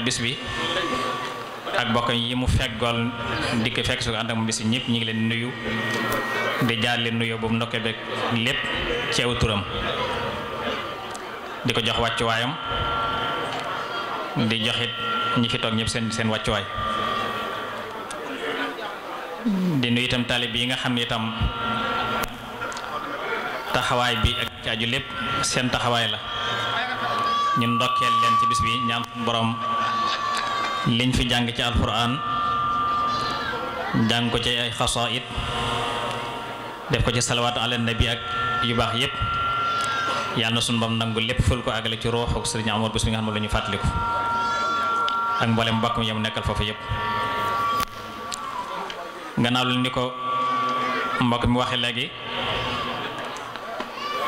waajal bis bi ak bokk yi mu feggool dikk fekk su ànd ak mu bis bi ñëpp ñu ngi leen nuyu di jaar leen nuyu boobu ndokkee beeg lépp ceew turam di ko jox wàccuwaayam di joxit ñi fi toog ñëpp seen seen wàccuwaay di nuyu itam taalib yi nga xam ne itam taxawaay bi ak caaju lépp seen taxawaay la ñu ndokkeel leen ci bis bi ñaan borom liñ fi jàng ci alquran jàng ko ci ay xasaayid def ko ci salawaatu ala nabi ak yu baax yépp yàlla na sunu bam nangu lépp ful ko àggale ci ruux ak sëriñ Amar bis mi nga xam ne la ñu fàttaliku ak mboolem mbokk yam nekkal foofu yépp gannaaw lu ni ko mbokk mi waxe léegi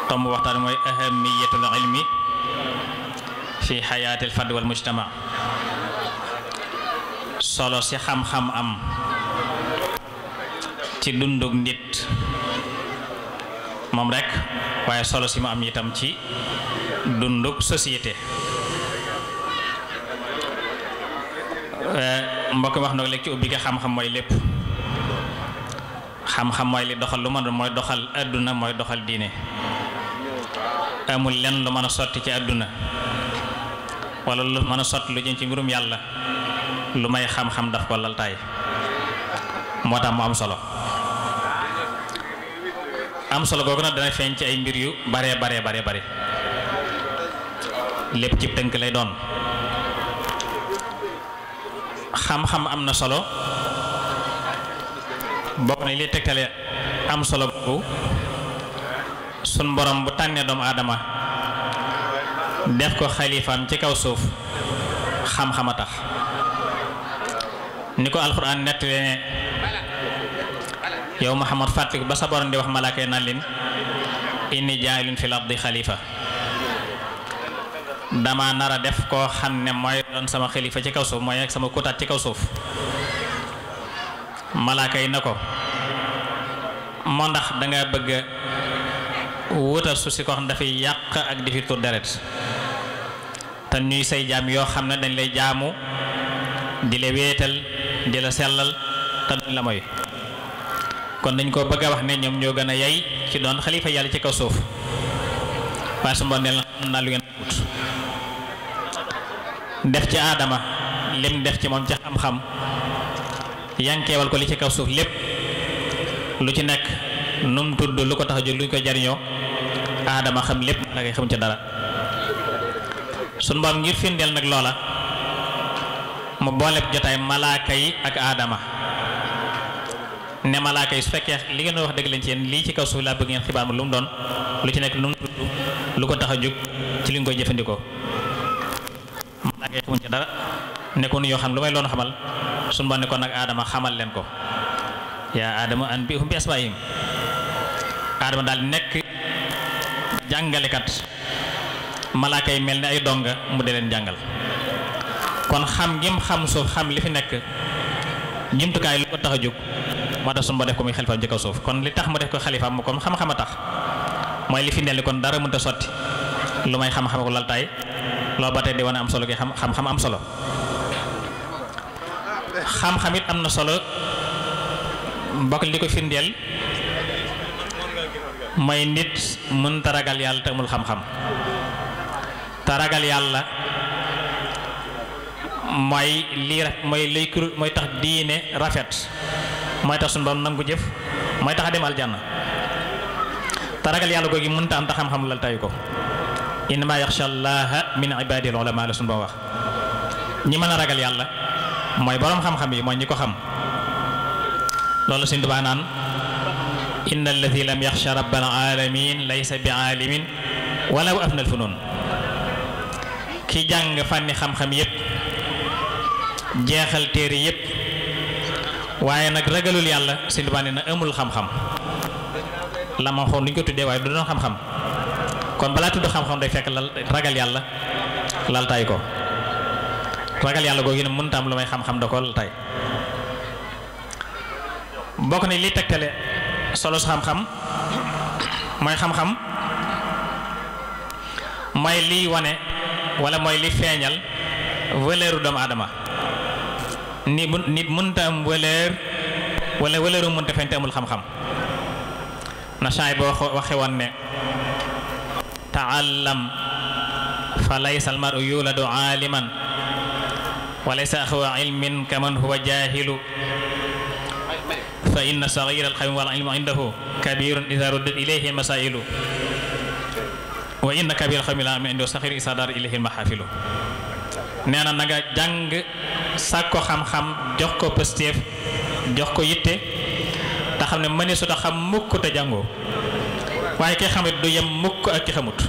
tomb waxtaan mooy ahamiyatul ilmi fi xayaatil fard wal mujtama solo si xam-xam am ci dundug nit moom rekk waaye solo si mu am itam ci dundug société eh, mbokk wax na léegi ci ubbi xam-xam mooy lépp xam-xam mooy li doxal lu mën mooy doxal àdduna mooy doxal diine amul lenn lu mën a sotti ci àdduna wala lu mën a sotti lu jëm ci mbirum yàlla lu may xam-xam daf ko laltaay moo tax mu am solo am solo googu nag dana feeñ ay mbir yu baree baree baree bare lépp ci tënk lay doon xam am na solo bokk na li tegtale am solo bu sun borom bu tànnee doomu aadama def ko xalifaam ci kaw suuf xam-xam a tax ni ko alxuraan nettalee ne yow Muhammad fàttali ba sa borom di wax malaaka nan leen inni jaayilun fil ardi xalifa dama nara def koo xam ne mooy doon sama xalifa ci kaw suuf mooy nekk sama kutaat ci kaw suuf malaaka yi na ko moo ndax danga bëgg wutal suuf si koo dafay yàq ak di deret te ñuy say jaam yoo xam ne dañ lay jaamu di la wéetal di la sellal te duñ la moy kon dañ koo bëgg a wax ne ñoom ñoo gën a yay ci doon xalifa yàlla ci kaw suuf waaye su mboon ne la xam naa lu ngeen wut def ci aadama lim def ci moom ci xam-xam yankeewal ko li ci kaw suuf lépp lu ci nekk nu mu tudd lu ko tax a jóg lu ñu ko jariñoo aadama xam lépp la ngay xam ci dara sun mboom ngir firndeel nag loola mu booleek jotaay malaaka yi ak aadama ne malaaka yi su fekkee li ngeen wax dëgg leen ci yéen lii ci kaw suuf laa bëgg ngeen xibaar ma lu mu doon lu ci nekk lu mu tudd lu ko tax a jóg ci li nga koy jëfandikoo malaaka yi xamuñ ci dara nekkoon yoo xam lu may loon xamal suñu ba nekkoon nag aadama xamal leen ko yaa aadama an bi hum bi asmaihim aadama daal nekk jàngalekat malaaka yi mel ni ay donga mu di leen jàngal kon xam ngim xam suuf xam li fi nekk jumtukaay lu ko tax a jóg moo tax suñu ba def ko muy xalifaam ci kaw suuf kon li tax mu def ko xalifaam mu comme xam-xam a tax mooy li fi ne kon dara mënut a sotti lu may xam-xam ko laltaay loolu ba tey di wane am solo gi xam-xam am solo xam-xam it am na solo mbokk li ko firndeel mooy nit mënta ragal yàlla te amul xam-xam te ragal yàlla mooy lii rafet mooy lay kur mooy tax diine rafet mooy tax suñu borom nangu jëf mooy tax a dem aljanna te ragal yàlla googu mënta am te xam-xam lal tayu ko innama yaxsha allah min ibadihi ulama la suñu borom wax ñi mën a ragal yàlla mooy borom xam-xam yi mooy ñi ko xam loolu suñ tubaa naan inna alladi lam yaxsha rabbal alamin laysa bi alimin walaw afnal funun ki jàng fànni xam-xam yépp jeexal téere yépp waaye nag ragalul yàlla sëñ Tuubaa na amul xam-xam la ma xoon lu ñu ko tuddee waaye du doon xam-xam kon balaa tudd xam-xam day fekk lal ragal yàlla laltaay ko ragal yàlla googu ne mënta am lu may xam-xam da ko laltaay bokk na li takkale solo su xam-xam mooy xam-xam mooy liy wane wala mooy li feeñal valeuru doomu aadama ni nit mënta am wëleer wala wëleeru mënta feeñ te amul xam-xam na shaay boo waxe woon ne taallam fa laysa almaru yuladu aaliman wa laysa axwa ilmin kaman huwa jaahilu fa inna sagira alxawmi wal ilmu indahu kabirun ida ruddat ilayhi masailu wa inna kabir alxawmi la ilmu indahu sagiru isa dar ilayhi almahafilu nee na na nga jàng sàkk ko xam-xam jox ko pëstéef jox ko yitte te xam ne mëni su ta xam mukk te jàngoo waaye ki xamit du yem mukk ak ki xamut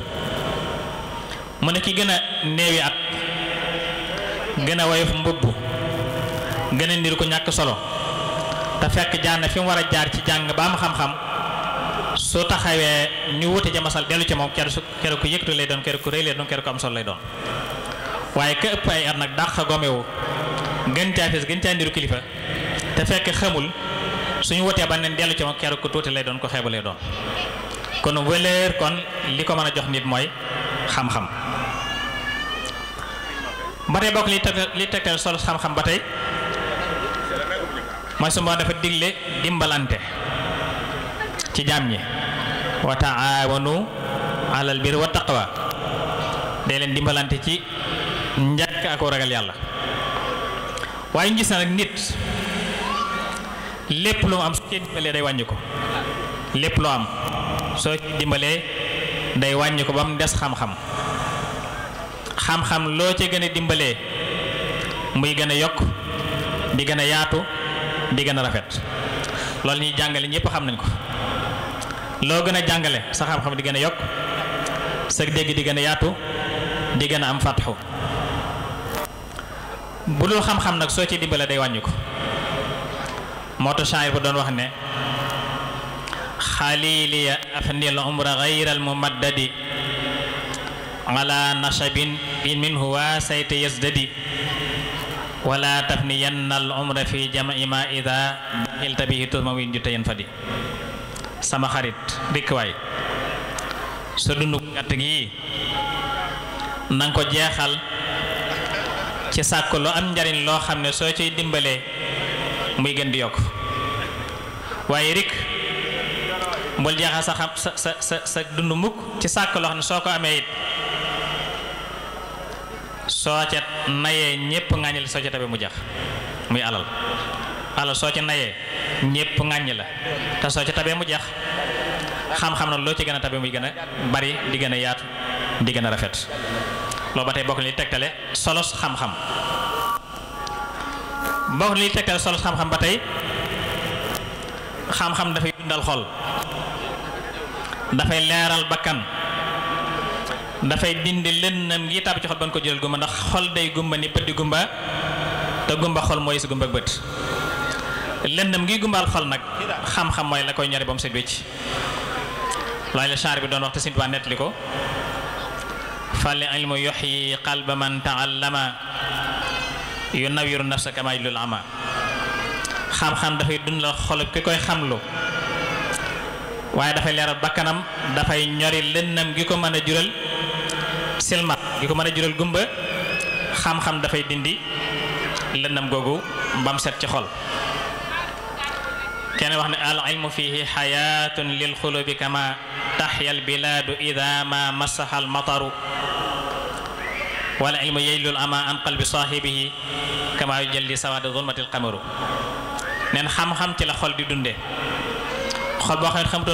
mu ne ki gën a néewi at gën a woyof mbubb gën a niir ko ñàkk solo te fekk jaar na fi mu war a jaar ci jàng ba am xam-xam su taxawee ñu wute ja masal dellu ci moom kere su kere ku yëkkatu lay doon kere ku rëy lay doon kere ku am solo lay doon waaye ka ëpp ay at nag dàq gomewu gën caa fees gën caa ndiru kilifa te fekk xamul suñu wootee ba neen dellu ci ma keroog ko tuuti lay doon ko xeebu lay doon kon wëleer kon li ko mën a jox nit mooy xam-xam ba tey bokk li li tegtal solo xam-xam ba tey mooy su dafa digle dimbalante ci jaam ñi wa taawanu alal bir wa taqwa dee leen dimbalante ci njëkk ak ragal yàlla waaye ñu gis na nag nit lépp lu mu am soo cee dimbalee day wàññi ko lépp loo am soo cee dimbalee day wàññi ko ba mu des xam-xam xam-xam loo ci gën a dimbalee muy gën a yokk di gën a yaatu di gën a rafet loolu ñuy jàngale ñëpp xam nañ ko loo gën a jàngale sa xam-xam di gën a yokk sa dégg di gën a yaatu di gën a am fàttaxu bu dul xam-xam nag soo ci dimbale day wàññi moo tax shaayir ba doon wax ne xaliliya afnil umra gayral mumaddadi ala nashabin minhu waasayte yasdadi wala tafniyanna al umra fi jam'i ma ida iltabihi turma win jute yen fadi sama xarit dikk waay sa dund gàtt gi nanga ko jeexal ci sàkk lu am njariñ loo xam ne soo ciy dimbalee muy gën di yokk waaye rik bul jeexal sa xam sa sa sa sa dund mukk ci sàkk loo ne soo ko amee it soo ca nayee ñépp ŋàññi la soo mu jax muy alal alal soo ca nayee ñépp ŋàññi la te soo ca tabee mu jax xam-xam na loo ci gën a tabe muy gën a bari di gën a yaatu di gën a rafet loolu ba tey bokk na li tegtale solos xam-xam bokk na li tegtale solos xam-xam ba tey xam-xam dafay dundal xol dafay leeral bakkan dafay dindi lëndëm gi tàbb ci xol ba nga ko jëlal gumba ndax xol day gumba ni bët di gumba te gumba xol mooy si gumba ak bët lëndëm ngiy gumbaal xol nag xam-xam mooy la koy ñore ba mu set loolu la genre bi doon wax te simtuwaa nettali ko fal ilmu yuxyi qalba man taallama yunawiru nafsa kama yulul ama xam-xam dafay dundal xolub ki koy xamlu waaye dafay leeral bakkanam dafay ñori lënnam gi ko mën a jural silmat gi ko mën a jural gumba xam-xam dafay dindi lëndam googu bam set ci xol kenn wax ne al ilmu fihi xayaatun lil xulubi kama تحيا البلاد إذا ما مسها المطر والعلم يجل الأمى عن قلب صاحبه xam ci la di dunde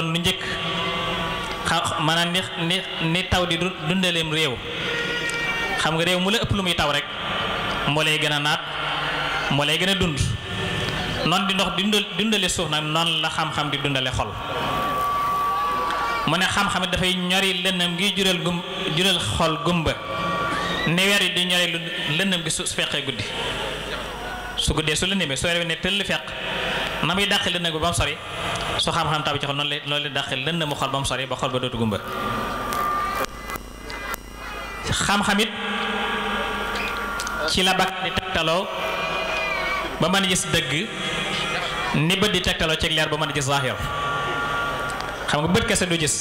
lu njëkk maanaam taw di dundaleem réew xam nga réew mu la ëpp lu muy taw rek moo lay gën a naat moo lay gën a dund noonu di ndox di dundale suuf nag noonu la xam-xam di dundale xol mu ne xam-xam dafay ñori lëndëm ngi jural gum jural xol gumba ni weer yi di ñori lu lëndëm gi su feqee guddi su guddee su lëndëmee su weer wi ne tëll feq na muy dàqi lëndëm bi ba mu sori su xam-xam tabi ci xol noonu lay loolu lay dàqi ba mu sori ba xol ba dootu gumba xam-xam it ci la bakk tegtaloo ba mën a gis dëgg ni bët di tegtaloo ci leer ba mën a gis zahir xam nga bët kese du gis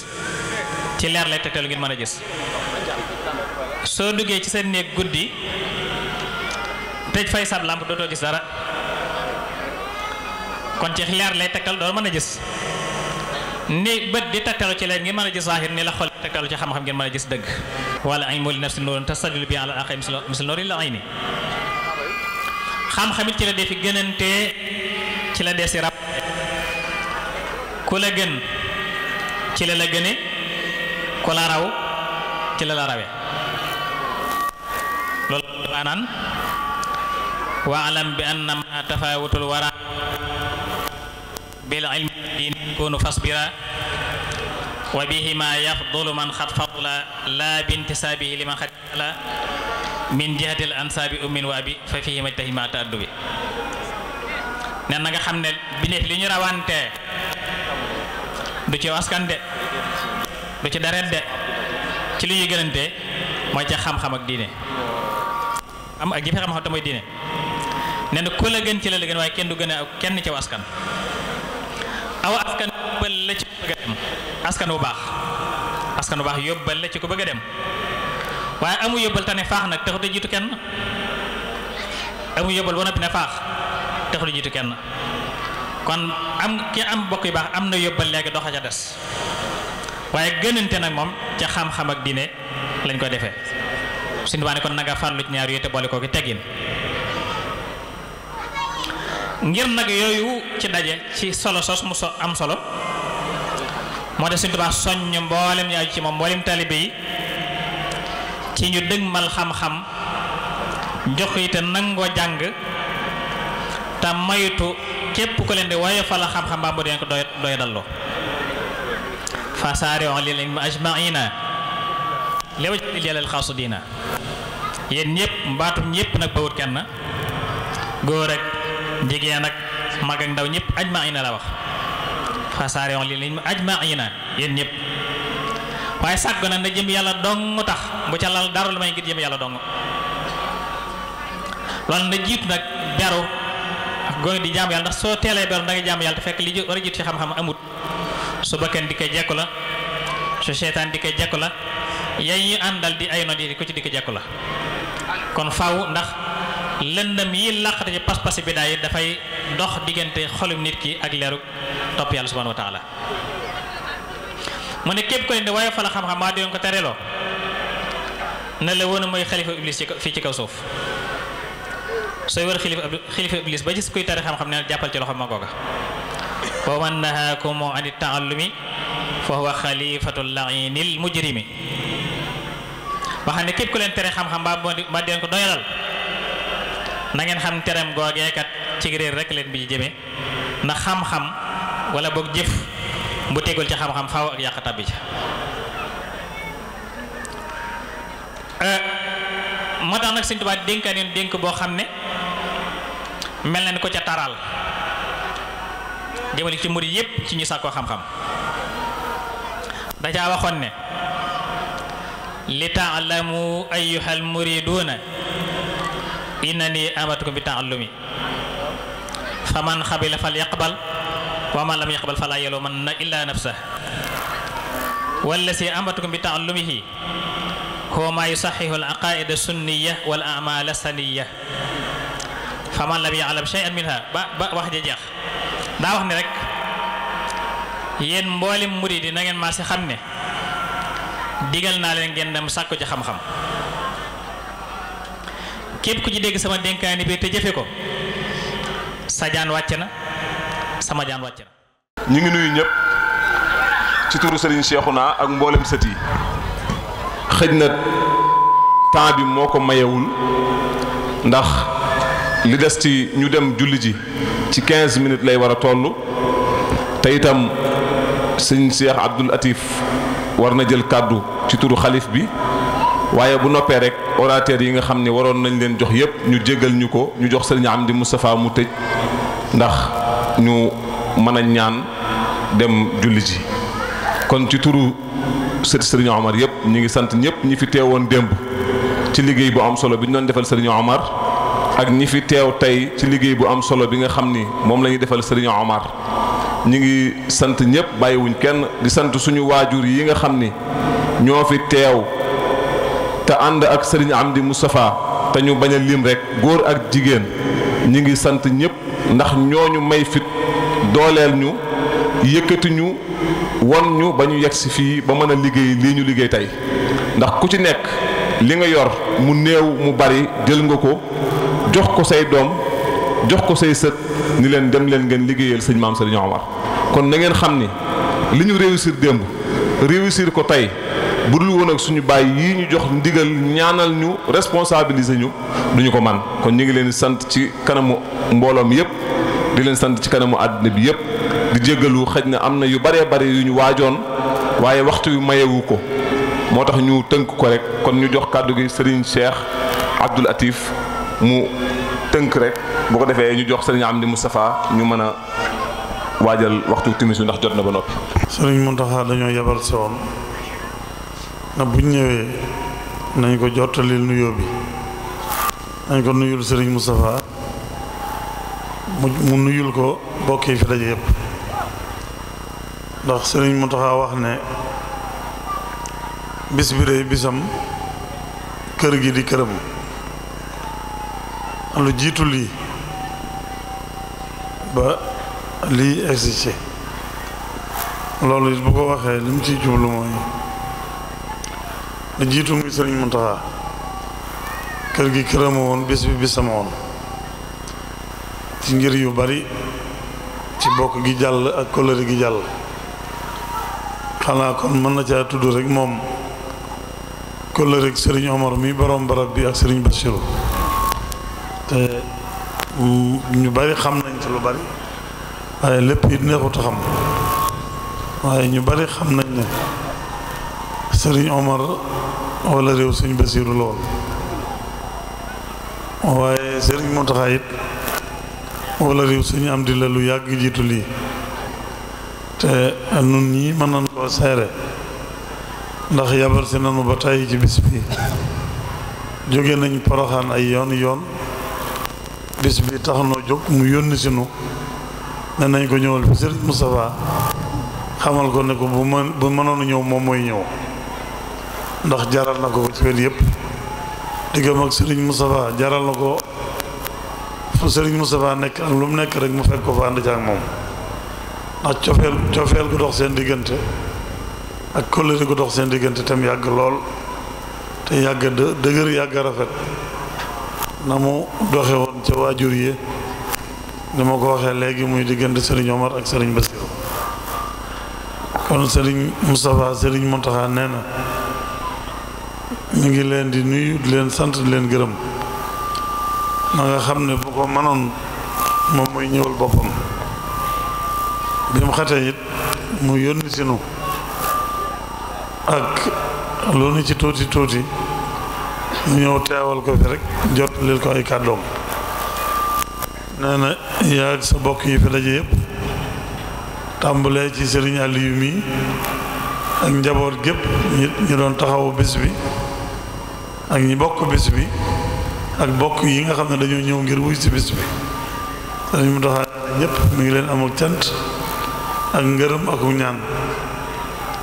ci leer lay tegtalu ngeen mën a gis soo duggee ci seen néeg guddi tëj fay sab làmp dootoo gis dara kon ci leer lay tegtal doo mën a gis ni bët di tegtalu ci leer ngeen mën a gis zahir ni la xol tegtalu ci xam-xam ngeen mën a gis dëgg wala añ moo li naf si noonu te sadul bi àla aqi misil noori la ay ni xam-xamit ci la dee fi gënante ci la dee si rab ku la gën ci la la gëne ku la raw ci la la rawe loolu maanaan waalam bi anna ma tafawutul wara bil ilmi diin kunu fasbira wa bihima yafdulu man xat fadla la bintisaabihi liman xat la min jihatil ansaabi ummin wa abi fa fihima tahima taddu bi nen na nga xam ne bi nekk li ñu rawante du ci askan de du ci deret de ci li ñuy gënante mooy ca xam-xam ak diine am ak jëfe xam-xam te mooy diine nee na ku la gën ci la la gën waaye kenn du gën a kenn ci askan aw askan yóbbal la ci baax askan bu baax yóbbal la ci ko bëgg a dem waaye amu yóbbal te ne faax nag taxut a jiitu kenn amu yóbbal ba noppi ne faax taxut a jiitu kenn kon am ki am bokk yu baax am na yóbbal léegi doxa ca des waaye gënante nag moom ca xam-xam ak diine lañ ko defe suñu baa ne kon nanga farlu ci ñaar yooyu ki teggin ngir nag yooyu ci daje ci solo sos mu so am solo moo tax suñu Tuubaa soññ mboolem yaay ci moom mboolem taalibe yi ci ñu dëgmal xam-xam jox yi nangoo jàng te maytu képp ku leen di waaye fala xam-xam baa mu deen ko doy doy dalloo fa saari'u lil ilmi ajma'ina liwajhil jalil xaasidina yéen ñëpp mbaatum ñëpp nag bawut kenn góor ak jigéen ak mag ak ndaw ñëpp ajma'ina la wax fa saari'u lil ilmi ajma'ina yéen ñëpp waaye sàgg nag na jëm yàlla dong tax bu ca lal dara lu may ngir jëm yàlla dong loolu na jiit nag beru gone di jaam yàlla ndax soo teelee beru da nga jaam yàlla te fekk li war a jiitu ci xam-xam amut su bakkan di ko jekku la su seetaan di koy jekku la yay ñu àndal di ay noon yi ku ci di ko jekku la kon faaw ndax lëndëm yi làqate ci pas-pasi bi daay dafay dox diggante xolum nit ki ak leeru topp yàlla subhanahu wa taala mu ne képp ko ne waaye fa la xam-xam maa doon ko tereloo na la woon mooy xalifa iblis fii ci kaw suuf sooy war xilifa xilifa iblis ba gis kuy tari xam-xam ne jàppal ci loxo ma googa wa man nahaakum ani taallumi fa huwa xalifatu lainil mujrimi wax ne képp ku leen tere xam-xam ba ba deen ko doyalal na xam tereem googeekat ci réer rek leen bi jëmee na xam-xam wala boog jëf mu tegul ci xam-xam faaw ak yàq tabbi ci eh, moo tax nag Sëñ Tuubaa dénkaan dénk boo xam ne mel na ni ko ca taral jëmale ci murid yépp ci ñu sàkkoo xam-xam da caa waxoon ne li taalamu ayyuhal muriduuna innani amatukum bi taallumi fa man xabila fal yaqbal wa man lam yaqbal fala yalumanna illa nafsah wallazi amatukum bi taallumihi huwa ma yusaxihu al aqaida sunniya wal amal saniya faman lam ya'lam shay'an minha ba ba wax ji jeex daa wax ni rek yéen mboolem murid yi ngeen maa si xam ne digal naa leen ngeen dem sàkku ci xam-xam képp ku ci dégg sama dénkaani bi te jëfe ko sa jaan wàcc na sama jaan wàcc na ñu ngi nuyu ñëpp ci turu Serigne Cheikhouna ak mboolem sët yi xëj na temps bi moo ko mayewul ndax li des ci ñu dem julli ji ci 15 minutes lay war a toll te itam sëñ Cheikh Abdoul Atif war na jël kàddu ci turu xalif bi waaye bu noppee rek orateur yi nga xam ne waroon nañ leen jox yépp ñu jéggal ñu ko ñu jox sëriñ Amdi Moustapha mu tëj ndax ñu mën a ñaan dem julli ji kon ci turu sët sëriñ Omar yépp ñu ngi sant ñépp ñi fi teewoon démb ci liggéey bu am solo bi ñu doon defal sëriñ Omar ak ñi fi teew tey ci liggéey bu am solo bi nga xam ni moom lañuy ñuy defal sëriñ Omar ñu ngi sant ñëpp bàyyiwuñ kenn di sant suñu waajur yi nga xam ni ñoo fi teew te ànd ak sëriñ Amdi Moustapha te ñu bañ a lim rek góor ak jigéen ñi ngi sant ñëpp ndax ñooñu may fit dooleel ñu yëkkati ñu won ñu ba ñu yegg si fii ba mën a liggéey lii ñu liggéey tey ndax ku ci nekk li nga yor mu néew mu bari jël nga ko jox ko say doom jox ko say sët ni leen dem leen ngeen liggéeyal sëñ maam Sëriñ Omar kon na ngeen xam ni li ñu réussir démb réussir ko tey bu dul woon ak suñu baay yi ñu jox ndigal ñaanal ñu responsabiliser ñu duñu ko man kon ñu ngi leen sant ci kanamu mbooloom yëpp di leen sant ci kanamu àddina bi yëpp di jéggalu xëj na am na yu bëree bëri yu ñu waajoon waaye waxtu wi mayewu ko moo tax ñu tënk ko rek kon ñu jox kàddu gi Serigne Cheikh Abdoul Atif mu tënk rek boo ko defee ñu jox sëriñ Amdi Moustapha ñu mën a waajal waxtu timis bi ndax jot na ba noppi. sëriñ Mountakha dañoo yebal si woon na buñ ñëwee nañ ko jottalil nuyoo bi nañ ko nuyul sëriñ Moustapha mu nuyul ko bokk yi fi daje yëpp ndax sëriñ Mountakha wax ne bis bi rëy bisam kër gi di këram. lu jiitu lii ba lii existe loolu it bu ko waxee li mu ciy jublu mooy lu jiitu muy sëriñ Muntaxa kër gi kërama woon bis bi bisama woon ci ngir yu bari ci bokk gi jàll ak kóllëre gi jàll xanaa kon mën na caa tudd rek moom kóllëre ak sëriñ Omar mi borom barab bi ak sëriñ Bassirou te mm, ñu bari xam nañ ci lu bari waaye lépp it neexut a xam waaye ñu bari xam nañ ne sëriñ Omar wala réew suñ Basiiru lool waaye sëriñ Mountakha it wala réew suñu am di la lu yàgg jiitu lii te nun ñi mën nañ koo seere ndax yabal si nanu ba tàyyi ci bis bi jóge nañ poroxaan ay yoon yoon bis bi tax noo jóg mu yónni si nu ne nañ ko ñëwal fi Serigne Moustapha xamal ko ne ko bu mën bu mënoon ñëw moom mooy ñëw ndax jaral na ko ko ci wet yëpp diggam ak Serigne Moustapha jaral na ko fu Serigne Moustapha nekk ak lu mu nekk rek mu fekk ko fa ànd ca moom ndax cofeel cofeel gu dox seen diggante ak kóllëre gu dox seen diggante tam yàgg lool te yàgg dë dëgër yàgg rafet na mu doxe woon ca waajur yi ni ma ko waxee léegi muy diggante Serigne Omar ak Serigne Bassirou kon Serigne Moustapha Serigne Mountakha nee na ñu ngi leen di nuyu di leen sant di leen gërëm ma nga xam ne bu ko mënoon moom mooy ñëwal boppam bi mu xatee it mu yónni sinu ak loolu ci tuuti tuuti mu ñëw teewal ko fi rek jot lil ko ay kàddoom nee na yaag sa bokk yi fi daje yëpp tàmbalee ci sëriñ Aliou ak njaboot gépp ñi doon taxawu bis bi ak ñi bokk bis bi ak bokk yi nga xam ne dañoo ñëw ngir wuy si bis bi dañu mu taxaa ñëpp mi ngi leen amul cant ak ngërëm ak ñaan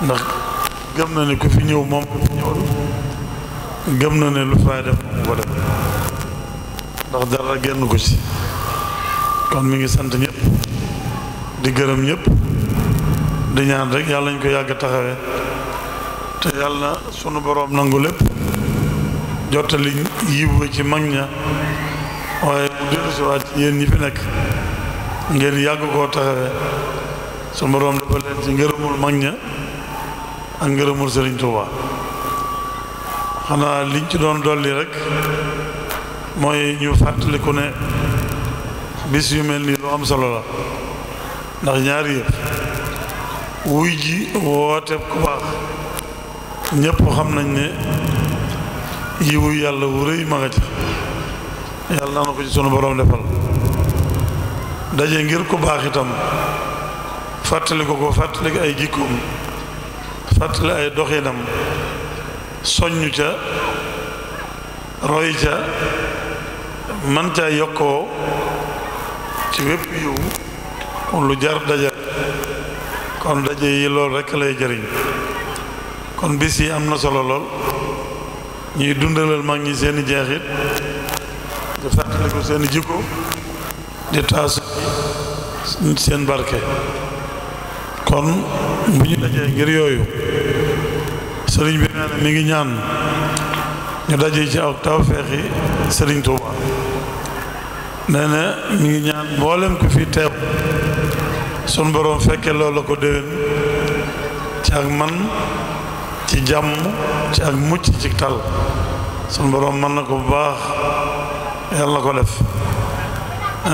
ndax gëm na ni ku fi ñëw moom ñëw gëm na ne lu fay def moom ko def ndax dara génn ko ci kon mu ngi sant ñëpp di gërëm ñëpp di ñaan rek yàlla ñu ko yàgg taxawee te yàlla sunu boroom nangu lépp jottali yiw ci mag ña waaye mu dellu si waat ci yéen ñi fi nekk ngeen yàgg koo taxawee sunu boroom dafa leen ci ngërëmul mag ña ak ngërëmul Sëriñ Tuubaa xanaa liñ ci doon dolli rek mooy ñu fàttaliku ne bis yu mel ni lu am solo la ndax ñaari yëpp wuy ji wooteeb ku baax ñëpp xam nañ ne yiwu yàlla wu rëy ma nga ci yàlla na ko ci sunu borom defal daje ngir ku baax itam fàttali ko ko fàttali ay jikkoom fàttali ay doxinam soññ ca roy ca man ca yokkoo ci wépp yiw lu jar daje kon daje yi lool rekk lay jëriñ kon bis yi am na solo lool ñuy dundalal mag ñi seeni jeexit di fàttali ko seeni jikko di taasu seen barke kon bu ñu dajee ngir yooyu sëriñ bi nee mi ngi ñaan ñu daje ci ak tawféexi sëriñ Touba nee na mi ngi ñaan mboolem ku fi teew sun borom fekkee loolu la ko déwén ci ak man ci jàmm ci ak mucc ci tal sun borom mën na ko bu baax yàlla na ko def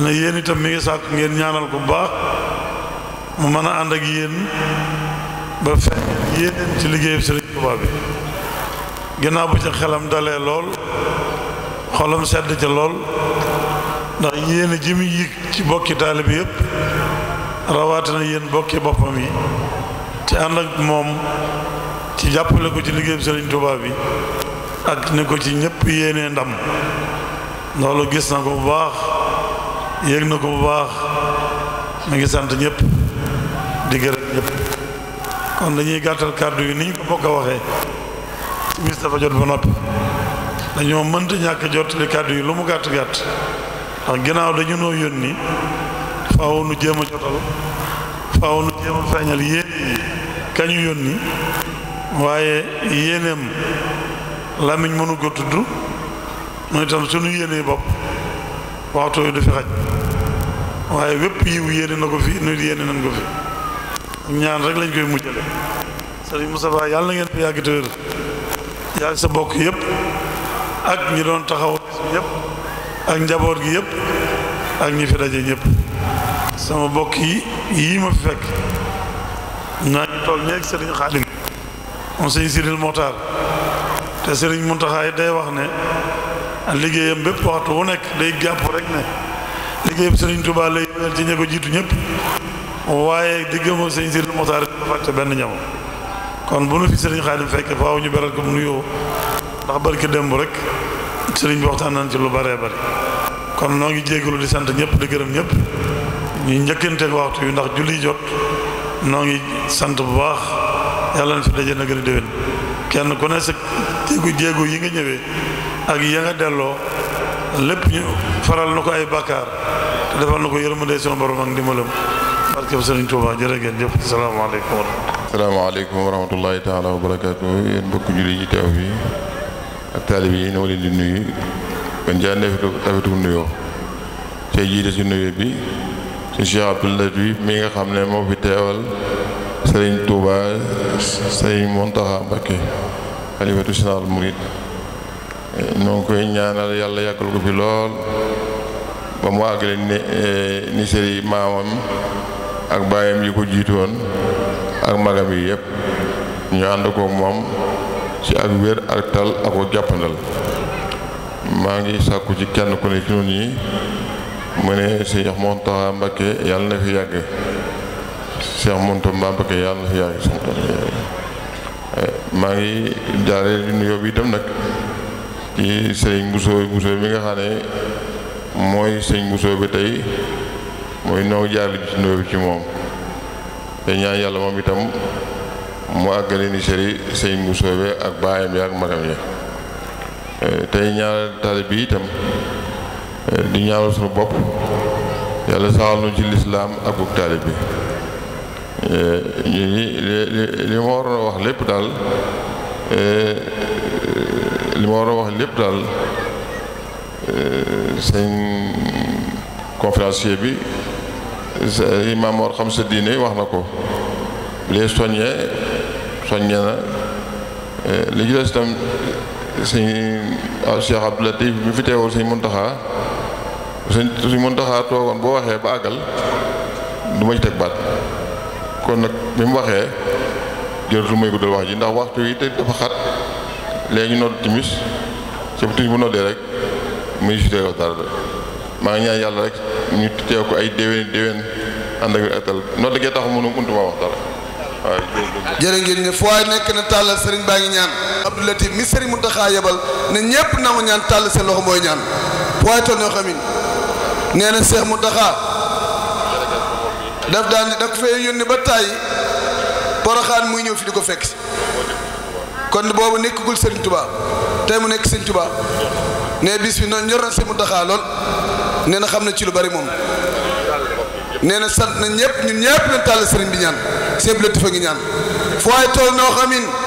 nee na itam mi ngi sàkk ngeen ñaanal ko bu baax mu mën a ànd ak yéen ba fekk yéen ci liggéeyu sëriñ Touba bi bu ca xelam dalee lool xolam sedd ca lool ndax yéen ji mu ci bokki taalibe bi yëpp rawatina yéen bokki boppam yi te ànd moom ci jàppale ko ci liggéeyam Serigne Touba bi ak ni ko ci ñëpp yéenee ndam loolu gis na ko bu baax yéeg na ko bu baax mu ngi sant ñëpp di gërëm ñëpp kon dañuy gàttal kàddu yi ni ko bokk a waxee timis dafa jot ba noppi dañoo mënta ñàkk jottali kàddu yi lu mu gàtt gàtt ndax ginnaaw dañu noo yónni faw nu jéem a jotal faaw nu jéem a feeñal yéene yi kañu yónni waaye yéeneem lamiñ mënu ko tudd mooy tam sunu yéene bopp waxtu yu du fi xaj waaye wépp yiw yéene na ko fi nu yéene nañ ko fi ñaan rek lañ koy mujjale sëriñ Moustapha yàlla na ngeen fi yàgg te yàgg sa bokk yëpp ak ñi doon taxaw yëpp ak njaboot gi yëpp ak ñi fi daje ñëpp sama bokk yi yii ma fi fekk naa ngi toog ñeeg sëriñ Xaadim moom sëriñ Sidil Moxtaar te sëriñ Muntaxa day wax ne liggéeyam bépp waxtu wu nekk day jàpp rek ne liggéeyam sëriñ Tuubaa lay ci ña ko jiitu ñépp waaye diggamoo sëñ Sidi Moxtaar ñu fàtte benn ñam kon bu nu fi sëriñ Xaadim fekk faaw ñu beral ko mu nuyoo ndax barki démb rek sëriñ bi waxtaan nañ ci lu bëree bëri kon noo ngi jégalu di sant ñëpp di gërëm ñëpp ñu njëkkanteeg waxtu yu ndax julli jot noo ngi sant bu baax yàlla na fi daje na gën a déwén kenn ku ne sa jéegu jéegu yi nga ñëwee ak ya delloo lépp ñu faral na ko ay bàkkaar te defal na ko yërmande sunu borom ak ndimbalam barke bu Sëriñ Tuuba jërë ngeen jëf salaamaaleykum wa rahmatulah. salaamaaleykum wa rahmatulahi taala wa barakaatu yéen mbokki julli yi teew fii ak taalib yi ñoo leen di nuyu kon jaa neefitu tafitu nuyoo tey jiite si nuyoo bi si Cheikh Abdoul Latif mi nga xam ne moo fi teewal Sëriñ Tuuba Sëriñ Muntaxa Mbakke xalifatu général murid ñoo ngi koy ñaanal yàlla yàggal ko fi lool ba mu àggale ni eh, ni maamam ak baayam yi ko jiitu woon ak magam yi yépp ñu ànd ko moom ci ak wér ak tal ak jàppandal maa ngi sàkku ci kenn ku ne ci nun ñi mu ne Cheikh Mountakha Mbacké yàlla na fi yàgg Cheikh Mountakha Mbacké yàlla na fi yàgg maa ngi jaaree di nuyoo bi itam nag ci sëriñ Bousso Bousso mi nga xam mooy sëriñ Bousso bi tey mooy noo jaarale ci nuyoo bi ci moom te ñaan yàlla moom itam mu àggale ni sëri sëñ mu ak baayam ya ak maram ya eh, tey ñaar taalibe bi itam eh, di ñaanal suñu bopp yàlla saxal nu ci lislaam ak bu taalibe bi eh, ñu li li li ma waroon a wax lépp daal li ma bi imaam Mor xam sa diine wax na ko lee soññee soññe na euh, li ci des itam sëñ ah, Cheikh Abdou Latif bi fi teewul sëñ Muntaxa sëñ sëñ Muntaxa toogoon boo waxee ba àggal du ma teg baat kon nag bi mu waxee jërëtul may guddal wax ji ndax waxtu yi te dafa xat léegi nodd timis ca timis bu noddee rek muy si dara maa ngi ñaan yàlla rek ñu teew ko ay déwén déwén ànd ak atal noonu la tax mënu mënut wax dara waaw jërë ngeen ñëf waaye nekk na tàllal sëriñ baa ngi ñaan Abdou Latif mi sëriñ Mountakha yebal ne ñépp nangu ñaan tàll seen loxo mooy ñaan waaye toll noo xam ne nee na Cheikh Mountakha daf daan da ko fee yónni ba tàyyi poroxaan muy ñëw fi di ko fekk si kon boobu nekkagul sëriñ Touba tey mu nekk sëriñ tubaa ne bis bi ñor na Cheikh Mountakha lool nee na xam na ci lu bari moom nee na sant na ñëpp ñun ñëpp nañ tàll sëriñ bi ñaan seeb la tifa ngi ñaan foo ay tool noo xamin